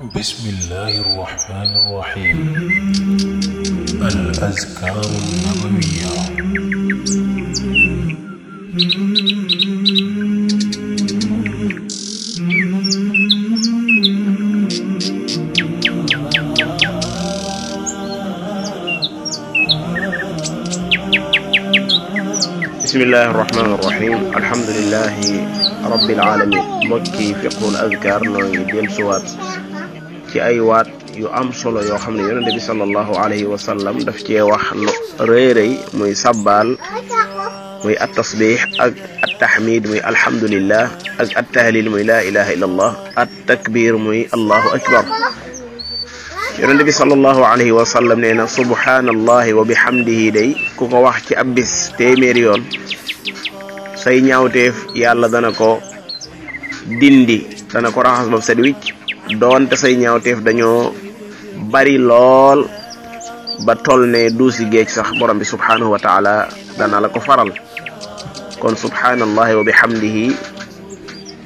بسم الله الرحمن الرحيم الأذكار alamin mbokki fiqul azkar nooy del suwaat ci ay waat yu am solo yoo xam ne yonente bi sallallahu alayhi wa sallam daf cee wax muy sabbaal muy at tasbix ak at muy alhamdulillah ak at tahlil muy allah at takbir muy allahu akbar yonente bi sallallahu wa sallam nee na ku ko wax ci ab bis téeméeri yoon say ñaawteef yàlla dana ko dindi dana ko raxas ba set wicc doonte say ñaawteef dañoo bari lool ba tol ne duusi géej sax borom bi subhanahu wa taala dana la ko faral kon subhanallahi wa bihamdihi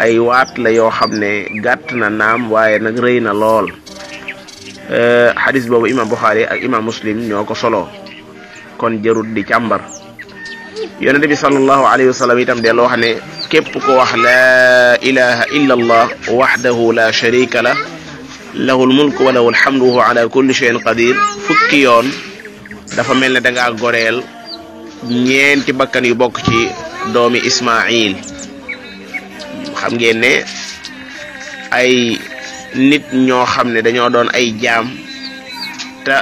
ay waat la yoo xam ne gàtt na naam waaye nag rëy na lool eh, xadis boobu imam buxaari ak imam muslim ñoo ko solo kon jërut di càmbar yonente bi sallallahu alayhi wa sallam itam delloo wax képp ko wax laa ilaha illa allah waxdahu la sharika la lahul mulku wa lahul hamdu ala kulli shay'in qadir fukki yoon dafa mel ne da ngaa goreel ñeenti bakkan yu bokk ci doomi Ismaayil xam ngeen ay nit ñoo xam ne dañoo doon ay jaam te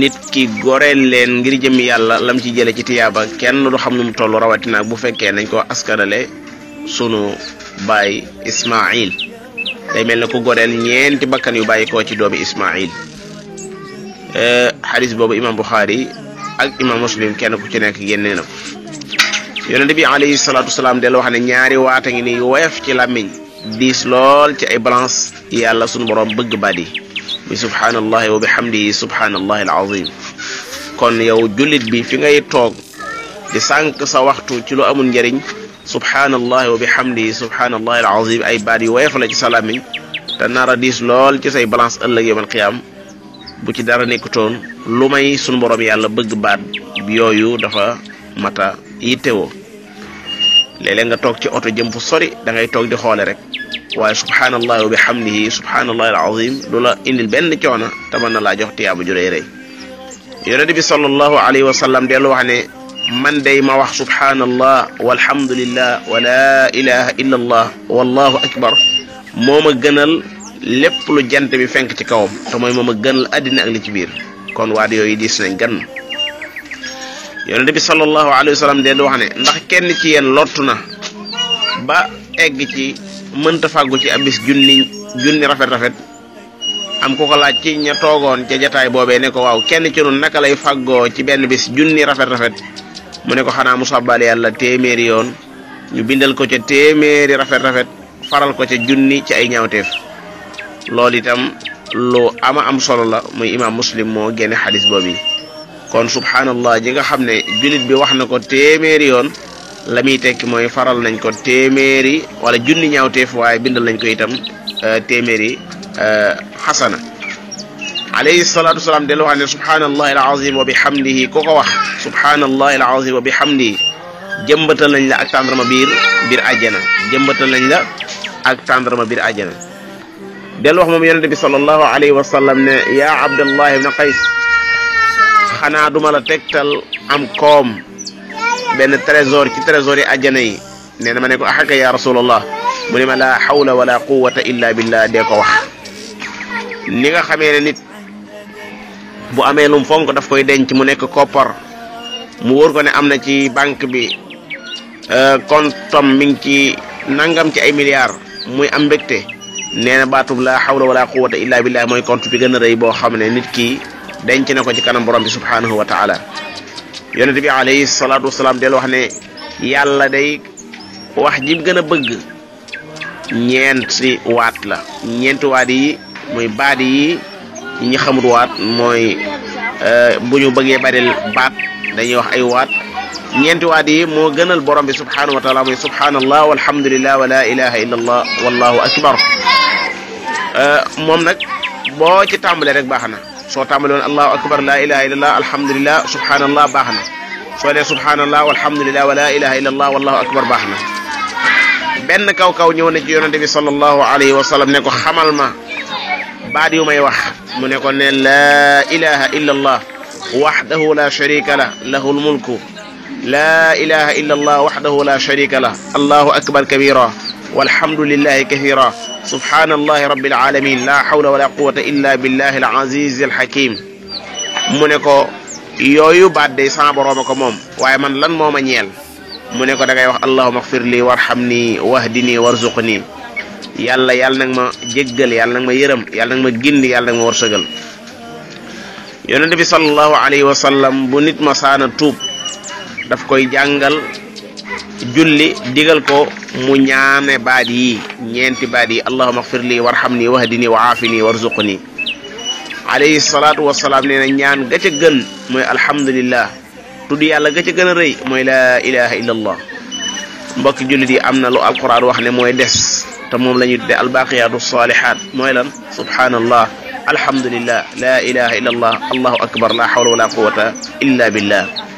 nit ki goreel leen ngir jëmm yàlla lam ci jële ci tiyaaba kenn du xam nu mu toll rawatina bu fekkee nañ koo askanale sunu baay Ismail day mel ne ku goreel ñeenti bakkan yu bàyyi koo ci doomi Ismail eh, xadis boobu imam Buxaari ak imam Muslim kenn ku ci nekk génnee na ko yonente bi alayhi salaatu wasalaam del wax ne ñaari waata ngi ni woyof ci làmmiñ diis lool ci ay balance yàlla sunu borom bëgg badi bi subhaanallahi wa bihamdihi subhaanallahi alazim kon yow jullit bi fi ngay toog di sànq sa waxtu ci lu amul njariñ subhaanallahi wa bihamdihi subhaanallahi alazim ay baat yu woyof la ci te nar a diis lool ci say balance ëllëg yawmal qiyaam bu ci dara nekkutoon lu may sunu borom yàlla bëgg baat yooyu dafa mata yittewoo léeg-léeg nga toog ci oto jëm fu sori da toog di xoole rek waaye subhaanallahi wa bihamdihi subhaanallahi alazim du la indil benn coono laa jox tiyaabu ju rëy rëy yonent wax ne man day ma wax subhaanallah walhamdulillah wa la ilaha illa allah wallahu akbar moo ma gënal lépp lu jant bi fenk ci kawam te mooy moo ma gënal àddina ak li ci biir kon waat yooy diis nañ gan yonent bi sallallahu alayhi wa sallam dellu wax ne ndax kenn ci yéen lottu na ba egg mënta fàggu ci abis junni junni rafet-rafet am ku ko laaj ci ña toogoon ca jataay boobee ne ko waaw kenn ci nun naka lay fàggoo ci benn bis junni rafet-rafet mu ne ko xanaa mu sobbal yàlla téeméeri yoon ñu bindal ko ca téeméeri rafet-rafet faral ko ca junni ci ay ñaawteef loolu itam lu ama am solo la muy imaam muslim moo génne xadis boobu yi kon subhanallah ji nga xam ne jullit bi wax na ko téeméeri yoon la muy tekki mooy faral nañ ko téeméeri wala junni ñaawteef waaye bindal nañ ko itam euh, téeméeri euh, xasana alayhi salaatu wasalaam del wax ne subhaanallahi alazim wa bihamdihi ku ko wax subhaanallahi alazim wa bihamdihi jëmbatal nañ la ak tàndarma biir biir àjjana jëmbatal nañ la ak tàndarma biir àjjana del ne yaa abdallah ibna qays xanaa duma la tegtal am koom benn trésor ci trésor yi àjjana yi nee na ma ne ko axaka ah, ya rasulallah mu ne ma laa xawla wala quwata illa billah dee ko wax ni nga xamee ne nit bu amee lum fonk daf koy denc mu nekk koppar mu wóor ko ne am na ci banque bi euh, kontom mi ngi ci nangam ci ay milliards muy am mbégte nee na laa xawla wala quwata illa billah mooy compte bi gën a rëy boo xam ne nit kii denc na ko ci kanam borom bi subhanahu wa taala yonent bi alayhi salaatu wasalaam del wax ne yàlla day wax jim gën a bëgg ñeenti waat la ñeenti waat yi mooy baat yi ñi xamut waat mooy euh, bu ñu bëggee baril baat dañuy wax ay waat ñeenti waat yi moo gënal borom bi subhanahu wa taala mooy subhanallah walhamdulillah wa la ilaha illa wallahu akbar euh, moom nag boo ci tàmbalee rek baax na soo tàmbali woon allahu akbar laa ilaha illallah alhamdulilah subhanallah baax na soo dee subhanallah walhamdulilah wa laa ilaha illallah wallahu akbar baax na benn kaw-kaw ñëw na ci yonente bi sallallahu alayhi wa sallam ne ko xamal ma baat yu may wax mu ne ko ne laa ilaha illallah waxdahu la sharika lah lahu lmulku laa ilaha illallah waxdahu la sharika lah allahu akbar kabira walhamdulillahi kathira subhaanallahi rabbil alamin la hawla wala quwata illa billahi al aziz al hakim mu ne ko yooyu baat day sama borooma ko moom waaye man lan moo ma ñeel mu ne ko da ngay wax allahuma xfir li warhamni wahdini warzuqni yàlla yàlla nag ma jéggal yàlla nag ma yërëm yàlla nag ma gindi yàlla nag ma warsagal yonente bi sallallahu alayhi wa sallam bu nit ma saana tuub daf koy jàngal julli digal ko mu ñaane baat yi ñeenti baat yi allahuma xfir li warhamni wahdini wa aafini warzuqni alayhi salaatu wasalaam nee na ñaan ga ca gën mooy alhamdulillah tudd yàlla ga ca gën a rëy mooy laa ilaha illa allah mbokki jullit yi am na lu alquran wax ne mooy des te moom la ñuy tudde albaqiyaatu saalihaat mooy lan subhaanallah alhamdulillah laa ilaha illa allah akbar la hawla wala quwata illa billah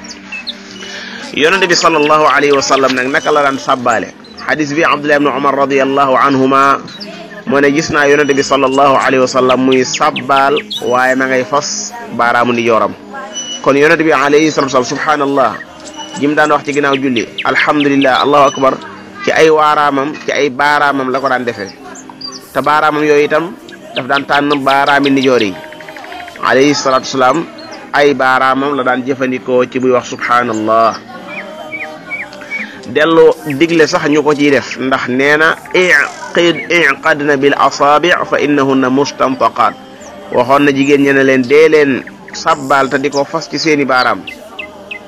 yonente bi sallallahu alayhi wa sallam nag la daan sàbbaale xadis bi abdullah ibn umar radiallahu anhuma mu ne gis naa yonente bi sallallahu alayhi wa sallam muy sàbbaal waaye ma ngay fas baaraamu ni yooram kon yonente bi alayhi jim daan wax ci ginnaaw julli alhamdulillah allahu akbar ci ay waaraamam ci ay baaraamam la ko daan defee te baaraamam yooyu itam daf daan tànn baaraami nijoor yi alayhi salatu ay baaraamam la daan jëfandikoo ci muy wax subhaanallah dellu digle sax ñu ko ciy def ndax nee na iqid iqadna bil asaabi fa innahunna mustantaqaat waxoon na jigéen ñe ne leen dee leen sabbal te di ko fas ci seeni baaraam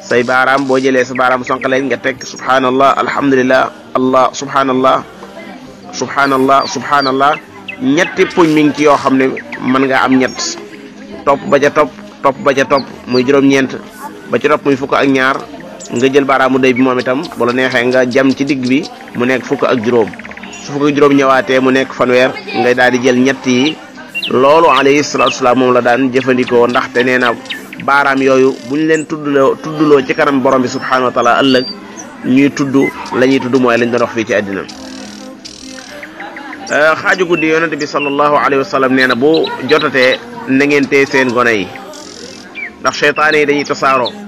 say baaraam boo jëlee sa baaraam sonq leen nga teg subhanallah alhamdulillah allah subhanallah subhanallah subhanallah ñetti puñ mi ngi ci yoo xam ne mën nga am ñett topp ba ca topp topp ba ca topp muy juróom-ñeent ba ca topp muy fukk ak ñaar nga jël baaraamu day bi moom itam bu la neexee nga jam ci digg bi mu nekk fukk ak juróom su fukk ak juróom ñëwaatee mu nekk fanweer ngay daal di jël ñett yi loolu alayhi salaam moom la daan jëfandikoo ndaxte nee na baaraam yooyu bu ñu leen tudd tuddloo ci kanam borom bi subhaanahu wa taala ëllëg ñuy tudd lañuy tudd mooy lañ doon wax fii ci àddina euh, xaaju guddi yonent bi sallallahu alayhi wa sallam nee na bu jotatee na ngeen tey seen gone yi ndax seytaane yi dañuy tasaaroo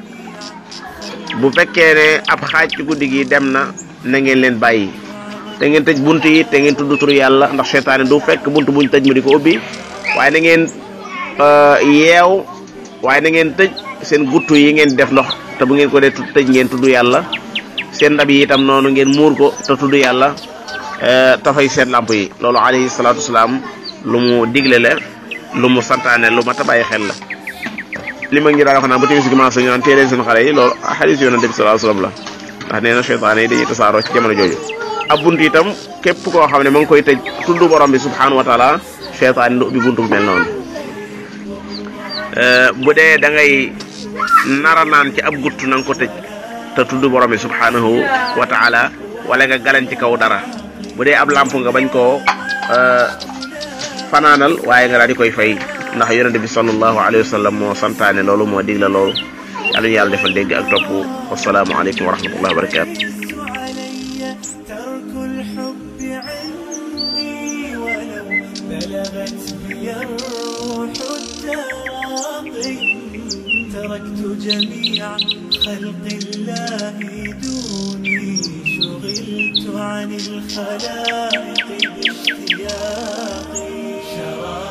bu fekkee ne ab xaaj ci guddi gi dem na na ngeen leen bàyyi te ngeen tëj bunt yi te ngeen tudd turu yàlla ndax seetaane du fekk bunt buñ tëj mu di ko ubbi waaye na ngeen euh, yeew waaye na ngeen tëj seen gutt yi ngeen def ndox te bu ngeen ko dee tëj ngeen tudd yàlla seen ndab yi itam noonu ngeen muur ko te tudd yàlla euh, tafay seen làmp yi loolu salaat salaatu wasalaam lu mu digle la lu mu santaane lu mat a bàyyi xel la li ma ngi daan wax naan bu timis gi commencé ñu naan teel leen seen xale yi loolu xadiis yonent a sallallahu alayhi wasallam la ndax nee na seytaane yi dañuy tasaaroo ci jamono jooju ab bunt itam képp koo xam ne ma ngi koy tëj tudd borom bi subhanahu wa taala seytaane du bunt bu mel noonu euh, dee da ngay nara naan ci ab gutt na nga ko tëj te tudd borom bi subhanahu wa taala wala nga ci kaw dara bu dee ab làmp nga bañ koo euh, fanaanal waaye nga daal di koy fay ndax yonente bi sallallahu alayhi wa sallam moo santaane loolu moo digle loolu yàlla ñu yàlla defal dégg ak topp wasalaamu aleykum wa rahmatullahi wa barakaatu تركت جميع خلق الله دوني شغلت عن الخلائق باشتياقي شراب